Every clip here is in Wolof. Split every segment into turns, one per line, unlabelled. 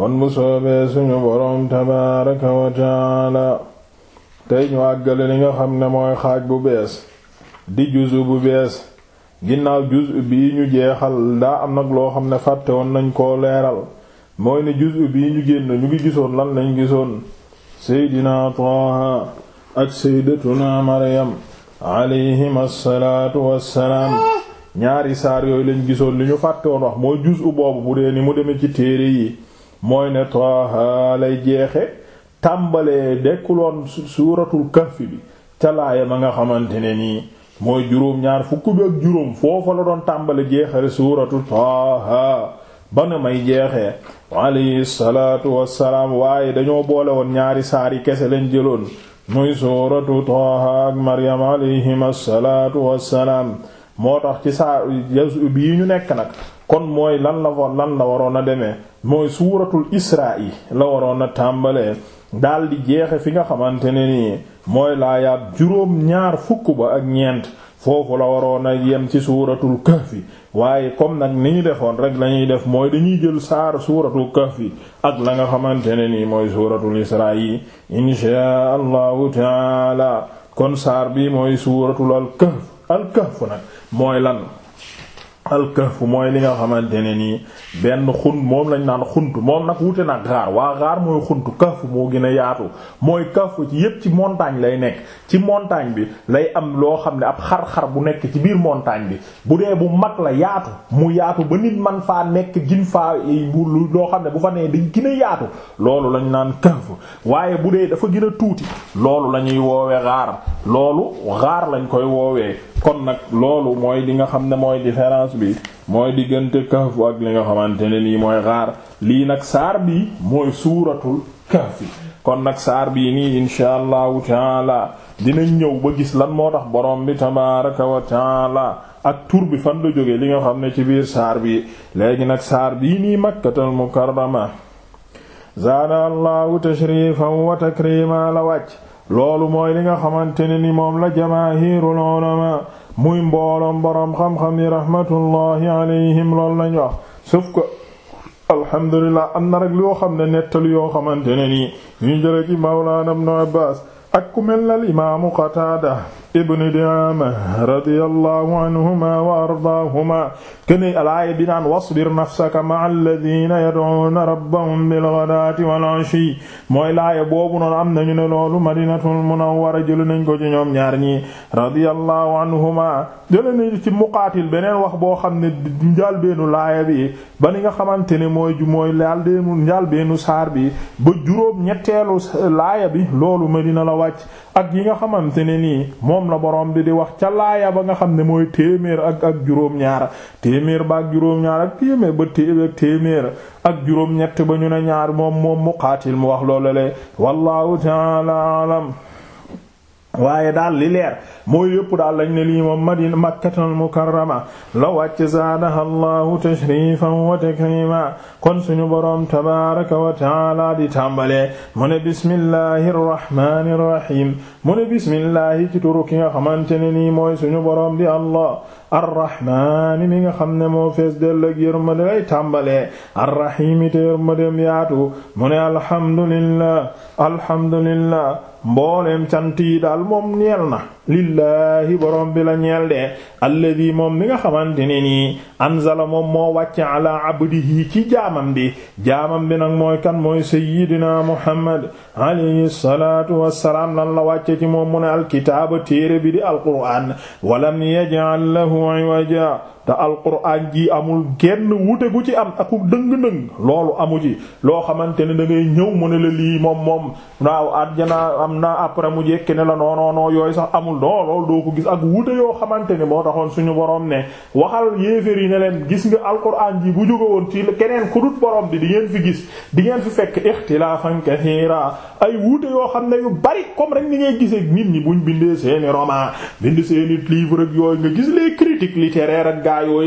kon bu soobee suñu boroom tabaaraka wa taala tey ñu àggale li nga xam ne mooy xaaj bu bees di juzu bu bees ginnaaw juzu bii ñu jeexal daa am nag loo xam ne fàtte woon nañ koo leeral mooy ne juzu bii ñu génn ñu ngi gisoon lan lañu gisoon seydina Taaha ak seydatuna Maryam alayhim assalaatu wassalaam ñaari saar yooyu lañ gisoon li ñu fàtte woon wax mooy juzu boobu bu dee ni mu demee ci téere yi mooy ne Taaha lay jeexe tàmbalee dekkuloon suuratul kahfi bi ca laaya ma nga xamante ne nii mooy juróom ñaar fukk bi juróom foofa la doon tàmbale jeexale suuratu Taaha ba na may jeexee alayhi salaatu wassalaam waaye dañoo boole woon ñaari saari kese lañ jëloon muy suuratu Taaha ak Maryam alayhim assalaatu moo tax ci saa bii ñu nekk nag kon mooy lan la woon lan la waroon a demee mooy suuratul isra yi la waroon a tàmbalee daal di jeexe fi nga xamante ne nii mooy laayaab juróom ñaar fukk ba ak ñeent foofu la waroon a yem ci suuratul fi waaye comme nag ni ñu defoon rek lañuy def mooy dañuy jël saar suuratul kahfi ak la nga xamante ne nii mooy suuratul isra yi inchaa allahu taala kon saar bi mooy suuratul al kahf al kahf nag mooy lan alkahf mooy li nga xamante ne nii benn xun moom lañ naan xunt moom nag wute nag xaar waa xaar mooy xunt kahf moo gën a yaatu mooy kahf ci yépp ci montagne lay nekk ci montagne bi lay am loo xam ne ab xar-xar bu nekk ci biir montagne bi bu dee bu mag la yaatu mu yaatu ba nit man faa nekk gin faa bu loo xam ne bu fa nee di gën a yaatu loolu lañ naan kahf waaye bu dee dafa gën tuuti loolu lañuy woowe xaar loolu xaar lañ koy woowee kon nag loolu mooy li nga xam ne mooy différence bi mooy diggante kahf ak li nga xamante ne nii mooy xaar lii nag saar bi mooy suuratul kahf kon nag saar bii nii insha allahu taala dina ñëw ba gis lan moo tax boroom bi tabaraka wa taala ak tur bi fan la jóge li nga xam ne ci biir saar bi léegi nag saar bii nii makkatal mukarrama zaada allahu tashrifan wa takrima la wàcc loolu mooy li nga xamante ni moom la jamaahirul ulama muy mbooloom boroom xam-xam yi rahmatullahi alayhim loolu lañ wax sauf que alhamdulilah am na rek yoo xam ne nettalu yoo xamante ne nii ñu jële ci mawlaana ibn Abbaas ak ku mel na imaamu Qataada ibn Di'aama radiyallahu anhuma wa ardaahuma kene alaaya bi naan wasbir nafsaka ma'a alladhiina yad'uuna rabbahum bil ghadaati wal 'ashiyyi mooy laaya boobu noonu am nañu ne loolu Madinatul Munawwara jël nañ ko ci ñoom ñaar ñi radiyallahu anhuma jël nañu ci Muqaatil beneen wax boo xam ne njaal beenu laaya bi ba ni nga xamante ne mooy mooy laal deenu saar bi ba juróom ñetteelu laaya bi loolu Madina la wàcc ak yi nga xamante ne nii moom la borom bi di wax ca laaya ba nga xam ne mooy téeméer ak ak juróom-ñaar téeméer ba ak juróom-ñaar ak téeméer ba téeméer ak juróom-ñett ba ñu ne ñaar moom moom muqaatil mu wax loolu le wallahu ta'ala waaye daal li leer mooy yëpp daal lañ ne lii moom madina makkatal mukarrama la wàcc zaadaha allahu tashrifan wa takrima kon suñu boroom tabaraka wa taala di tàmbalee mu ne bismillahi rrahmani rrahim mu ne bismillahi ci turu ki nga xamante ne nii mooy suñu boroom di allah arrahmaani mi nga xam ne moo fees dell ak yërmande lay tàmbalee arrahimi te yërmandeem yaatu mu ne alhamdulillah alhamdulillah mboolem cant yi daal moom ñeel na lillaahi borom bi la ñeel de alladi moom mi nga xamante ne nii anzala moom moo wàcce ala abdihi ci jaamam bi jaamam bi nag mooy kan mooy sayyidina muhammad alayhi salaatu wassalaam lan la wàcce ci moom mu ne alkitaaba téere bi di alquraan walam yaj'al lahu iwaja te alquraan ji amul genn wute gu ci am aku dëng-dëng loolu amu loo xamante ne da ngay ñëw mu ne la lii moom moom waaw àjjana am na après mu jekki ne la noonoonoo yooyu amul non loolu doo ko gis ak wuute yoo xamante ne moo taxoon suñu borom ne waxal yéefér yi ne leen gis nga alquran ji bu jóge woon ci keneen ku dut bi di ngeen fi gis di ngeen fi fekk ixtilaafan kasiira ay wuute yoo xam ne yu bari comme rek ni ngay gisee nit ñi buñ bindee seeni roman bind seeni livre ak yooyu nga gis les critiques littéraires ak gaa yoo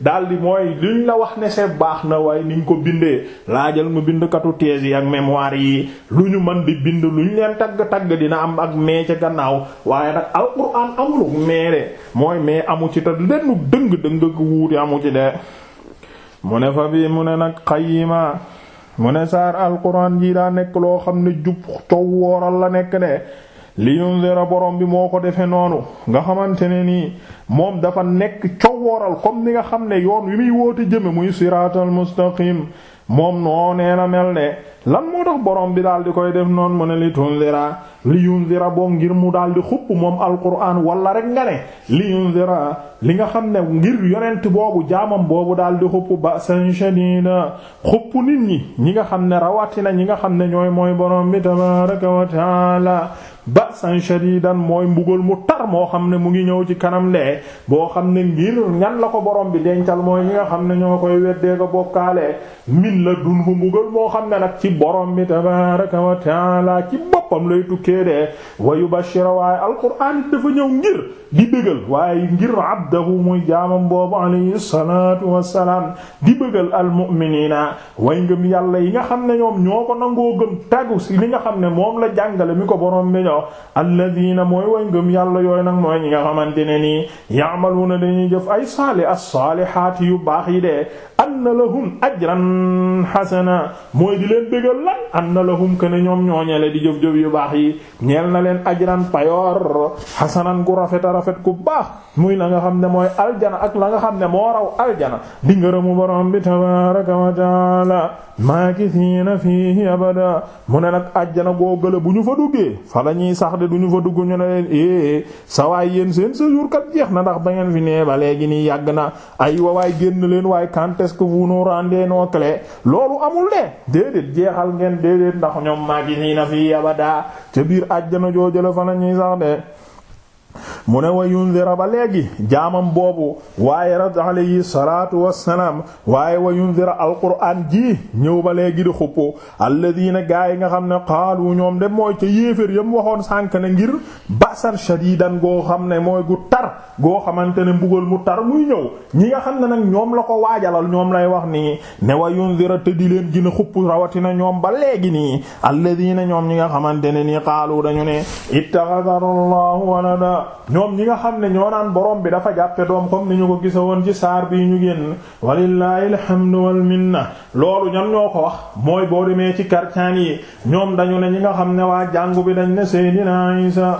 daal di mooy liñ la wax ne set baax na waaye niñ ko bindee laajal mu katu thèse yi ak mémoire yi lu ñu mën bi bind luñ leen tagg tagg dina am ak mee ca gannaaw alquran amulu meere mooy mais amu ci te lennu dëng dëng dëng wuuti ci de mu ne fa bi mu ne nag xayima mu ne saar alquran ji daa nekk loo xam ne jub cow la nekk de li yundira borom bi moo ko defee noonu nga xamante ne nii moom dafa nekk cow wooral comme ni nga xam ne yoon wi muy woote jëme muy siraatal mustaqim moom noo nee na mel ne lan moo tax borom bi daal di koy def noonu mu ne li tundira li yunzira boo ngir mu daal di xupp moom alquran wala rek nga ne li yunzira li nga xam ne ngir yonent boobu jaamam boobu daal di xupp ba'san shadida xupp nit ñi ñi nga xam ne rawatina ñi nga xam ne ñooy mooy borom bi tabaraka wa taala ba'san shadidan mooy mbugal mu tar moo xam ne mu ngi ñëw ci kanam de boo xam ne ngir ñan la ko borom bi dencal mooy ñi nga xam ne ñoo koy weddee ko bokkaale min la dun bu mbugal moo xam ne nag ci borom bi tabaraka wa taala dikkee dee wa yubashira waaye alquraan dafa ñëw ngir di bëggal waaye ngir abdahu muy jaamam boobu alayhi salaatu wassalaam di bëggal almu'miniina way ngëm yàlla yi nga xam ne ñoom ñoo ko nangoo gëm tagu si li nga xam ne moom la jàngale mi ko borom bi ñoo alladiina mooy way ngëm yàlla yooyu nag mooy ñi nga xamante ne nii ya'maluuna dañuy jëf ay saali as-saalihaati yu baax yi dee la lahum ajran hasana mooy di leen bëggal lan anna lahum kana ñoom ñooñele di jëf-jëf yu baax ñeel na leen ajran payoor xasanan gu rafet a rafet ku baax muy la nga xam ne mooy aljana ak la nga xam ne moo raw aljana di ngërëmu borom bi tabaraka wa taala maakisiina fiihi abada mu ne nag ajjana goo gëla bu ñu fa duggee fa la ñuy sax de du ñu fa dugg ñu ne leen eh sa waay yéen seen séjour kat jeex na ndax ba ngeen fi nee ba léegi yàgg na ay wa waay génn leen waaye quand ko ce que vous nous rendez loolu amul de déedéet jeexal ngeen déedéet ndax ñoom biir àjjana jooju la fa la ñuy sax de mu ne wa yundira ba léegi jaamam boobu waaye rad alayhi salaatu wa wassalaam waaye wa yundira alquraan ji ñëw ba léegi di xuppo alladina gaa yi nga xam ne qaalu ñoom de mooy ca yéefér yam waxoon sànk ne ngir basan shadidan goo xam ne mooy gu tar goo xamante ne mbugal mu tar muy ñëw ñi nga xam ne nag ñoom la ko waajalal ñoom lay wax nii ne wa yundira te di leen gën a xupp rawatina ñoom ba léegi nii alladina ñoom ñi nga xamante ne nii qaalu dañu ne ñoom ñi nga xam ne ñoo naan borom bi dafa jàppe doom comme ni ñu ko gisa woon ci saar bii ñu génn walillahi alhamdu wal minna loolu ñan ñoo ko wax mooy boo demee ci karcaan yi ñoom dañu ne ñi nga xam ne waa jàngu bi dañ ne Seydina Isa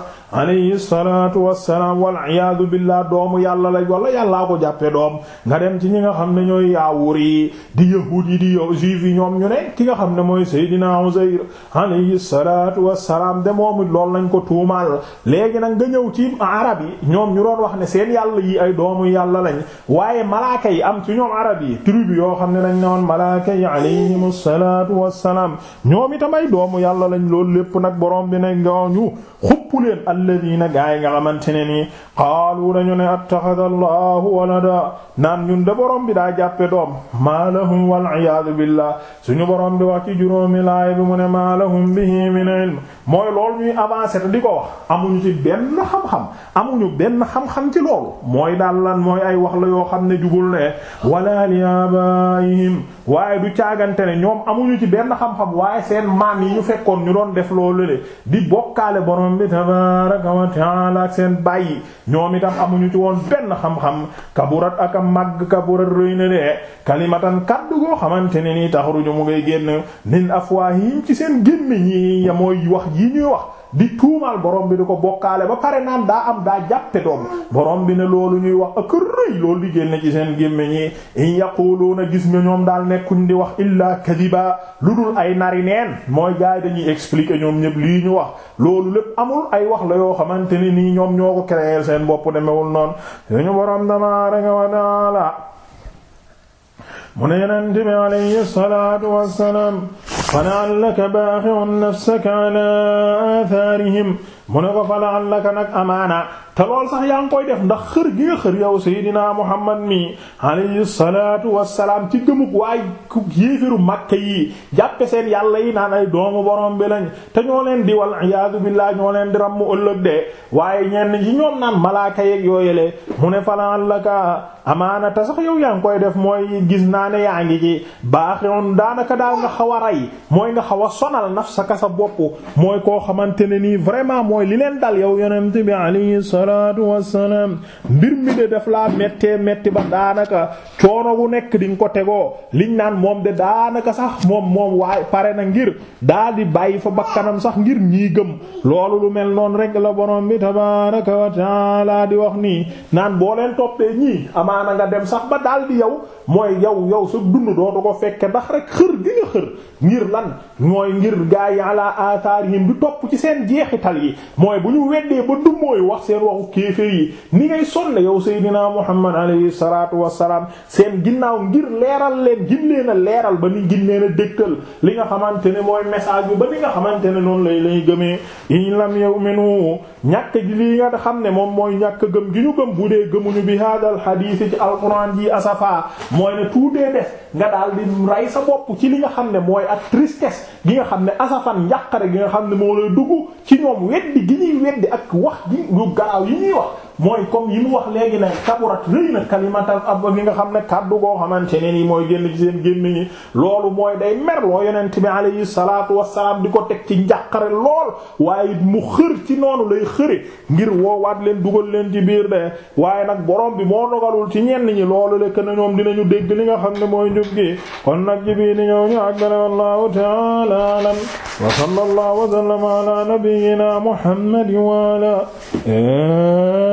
alayhi salaatu wassalaam wal iyaadu billah doomu yàlla la wala yàllaa ko jàppe doom nga dem ci ñi nga xam ne ñooy yaawur yi di yahuud yi di yow juif yi ñoom ñu ne ki nga xam ne mooy Seydina Uzayr alayhi salaatu wassalaam de moom lool loolu lañ ko tuumaal léegi nag nga ñëw ci arab yi ñoom ñu doon wax ne seen yàlla yi ay doomu yàlla lañ waaye malaaka yi am ci ñoom arab yi tribu yoo xam ne dañ ne woon malaaka yi alayhimu salaatu wassalaam ñoom itam ay doomu yàlla lañ loolu lépp nag borom bi ne alladina gaa yi nga xamante ne nii qaalu dañu ne attaxada allahu walada naan ñun de borom bi daa jàppe doom maa lahum wal iyaadu billah suñu borom bi wax ci juróomi laay bi mu ne maa lahum bihi min ilm mooy loolu ñuy avancé te di ko wax amuñu ci benn xam-xam amuñu benn xam-xam ci loolu mooy daal lan mooy ay wax la yoo xam ne jugul ne wala li abaihim waaye du caagante ne ñoom amuñu ci benn xam-xam waaye seen maam yi ñu fekkoon ñu doon def loolu le di bokkaale borom bi tabaaraka wa taala ak seen bàyyi ñoom itam amuñu ci woon benn xam-xam kaburat ak a màgg kaburat rëy na de kalimatan kaddu goo xamante ne nii taxaruñu mu ngay génn nin afwaahim ci seen gémmiñ yi ya mooy wax yi ñuy wax di tuumal borom bi di ko bokkaale ba pare naan daa am daa jàppe doom borom bi ne loolu ñuy wax ak rëy loolu liggéen na ci seen gémmiñ yi in yaquluuna gis nga ñoom daal nekkuñ di wax illaa kadiba lu dul ay nari neen mooy gaay dañuy expliquer ñoom ñëpp lii ñu wax loolu lépp amul ay wax la yoo xamante ni nii ñoom ñoo ko créer seen bopp demewul noonu suñu borom tabaaraka wa taala mu ne yonent bi alayhi wassalaam fala'allaka baaxi'un nafsaka alaa aathaarihim mu ne ko fala'allaka nag amaana te lool sax yaa ngi koy def ndax xër gi nga xër yow Seydina Muhammad mi alayhi salaatu wassalaam ci gëmug waay ku yéefiru Makka yi jàppe seen yàlla yi naan ay doomu borom bi lañ te di wal iyaadu billaah ñoo leen di ràmm ëllëg de waaye ñenn yi ñoom naan malaaka yeeg yooyele mu ne fala'allaka amaanata sax yow yaa ngi koy def mooy gis naa ne yaa ngi ci baaxoon daanaka daal nga xaw a rey mooy nga xaw a sonal nafsaka sa bopp mooy koo xamante ne nii vraiment mooy li leen dal yow yonent bi alayhi salaatu wassalaam mbir mi de def laa méttee métti ba daanaka coono bu nekk di nga ko tegoo liñ naan moom de daanaka sax moom moom waaye pare na ngir daal di bàyyi fa bakkanam sax ngir ñii gëm loolu lu mel noonu rek la borom bi tabaaraka wa taala di amaana nga dem sax ba daal di yow mooy yow yow sa dund dootu ko fekke ndax rek xër gi nga xër ngir lan mooy ngir gaa yi ala ci seen jeexital yi mooy bu ñu weddee ba du wax seen waxu kéeféer ni ngay sonne yow Seydina Muhammad alayhi salaatu wassalaam seen ginnaaw ngir leeral leen gin leen a leeral ba ni gin leen a dégtal li nga xamante ne mooy message bi ba ni nga xamante ne noonu lay lay gëmee in lam yu'minu ñàkk ji li nga xam ne moom mooy ñàkk gëm gi ñu gëm bu dee gëmuñu bi hadal hadith jiite ci alxuraan ji asafa mooy ne tuutee des nga daal di rey sa bopp ci li nga xam ne mooy ak tristesse gi nga xam ne asafan njàqare gi nga xam ne moo lay dugg ci ñoom weddi gi ñuy weddi ak wax gi yu garaaw yi ñuy wax mooy comme yi mu wax léegi nag kaburat rëy na kalimatan ab li nga xam ne kaddu goo xamante ne nii mooy génn ci seen génn ñi loolu mooy day merloo yonent bi alayhi salaatu wassalaam di ko teg ci njàqare lool waaye mu xër ci noonu lay xëre ngir woowaat leen dugal leen ci biir de waaye nag borom bi moo dogalul ci ñenn ñi loolu lekk na ñoom dina ñu dégg li nga xam ne mooy njub kon nag ji bii di ñëw ñu àggale wallahu ta'ala alam wa sallallahu wa sallama ala